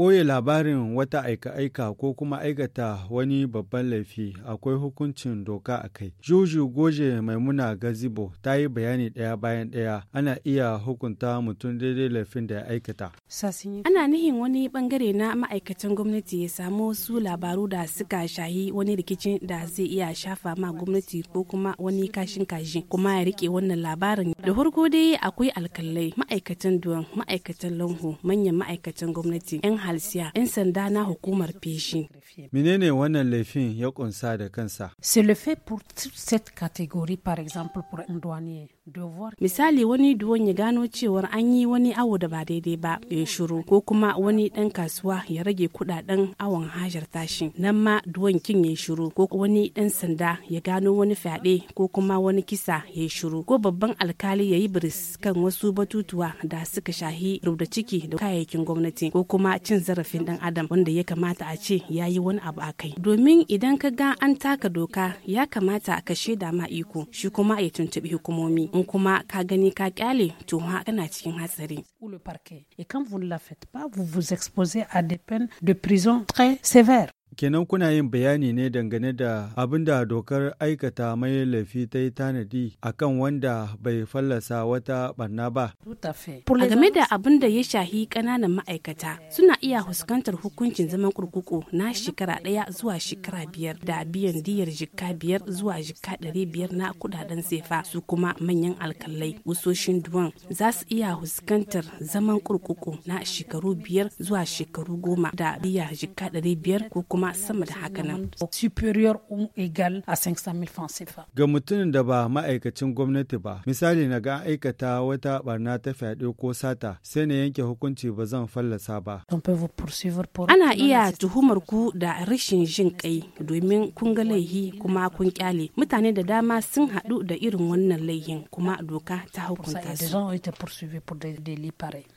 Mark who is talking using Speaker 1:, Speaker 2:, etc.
Speaker 1: ɓoye labarin wata aika-aika ko kuma aikata wani babban laifi akwai hukuncin doka a kai. Juju Goje Maimuna Gazibo ta yi bayani ɗaya bayan ɗaya ana iya hukunta mutum daidai laifin da ya aikata.
Speaker 2: Ana nihin wani bangare na ma'aikatan gwamnati ya samu su labaru da suka shahi wani rikicin da zai iya shafa ma gwamnati ko kuma wani kashin kashi kuma ya rike wannan labarin. Da farko dai akwai alkalai ma'aikatan duwan ma'aikatan lanho manyan ma'aikatan gwamnati 'yan Alsiya, 'yan sanda na hukumar feshi.
Speaker 1: Menene wannan laifin ya kunsa da kansa?
Speaker 2: C'est le fait pour cette par exemple pour un Misali wani duwan ya gano cewar an yi wani awo da ba daidai ba ya shiru ko kuma wani ɗan kasuwa ya rage kudaden awon hajar tashi nan ma duwan kin ya shuru ko wani ɗan sanda ya gano wani fyaɗe ko kuma wani kisa ya shuru ko babban alkali ya yi biris kan wasu batutuwa da suka shahi rubda ciki da kayayyakin gwamnati ko kuma cin cin zarafin dan adam wanda ya kamata a ce ya yi wani abu a kai domin idan ka ga an taka doka ya kamata a kashe da ma iko shi kuma ya tuntubi hukumomi in kuma ka gani ka kyale to ma kana cikin hatsari et quand vous ne la faites pas vous vous exposez à des peines de prison très sévères
Speaker 1: Kenan kuna yin bayani ne dangane da abin da dokar aikata mai laifi ta yi tanadi a kan wanda bai fallasa wata barna ba.
Speaker 2: A game da abin da ya shahi ƙananan ma'aikata suna iya fuskantar hukuncin zaman kurkuku na shekara ɗaya zuwa shekara biyar da biyan diyar jikka biyar zuwa jikka ɗari biyar na kuɗaɗen sefa su kuma manyan alkalai wusoshin duwan za su iya fuskantar zaman kurkuku na shekaru biyar zuwa shekaru goma da biyar jikka ɗari biyar ko kuma kuma sama da haka nan. Superior egal
Speaker 1: Ga mutumin da ba ma'aikacin gwamnati ba, misali na ga aikata wata barna ta fyaɗe ko sata sai na yanke hukunci ba zan fallasa ba.
Speaker 2: Ana iya tuhumar ku da rashin jin kai domin kun ga laihi kuma kun kyale. Mutane da dama sun haɗu da irin wannan laihin kuma doka ta hukunta su.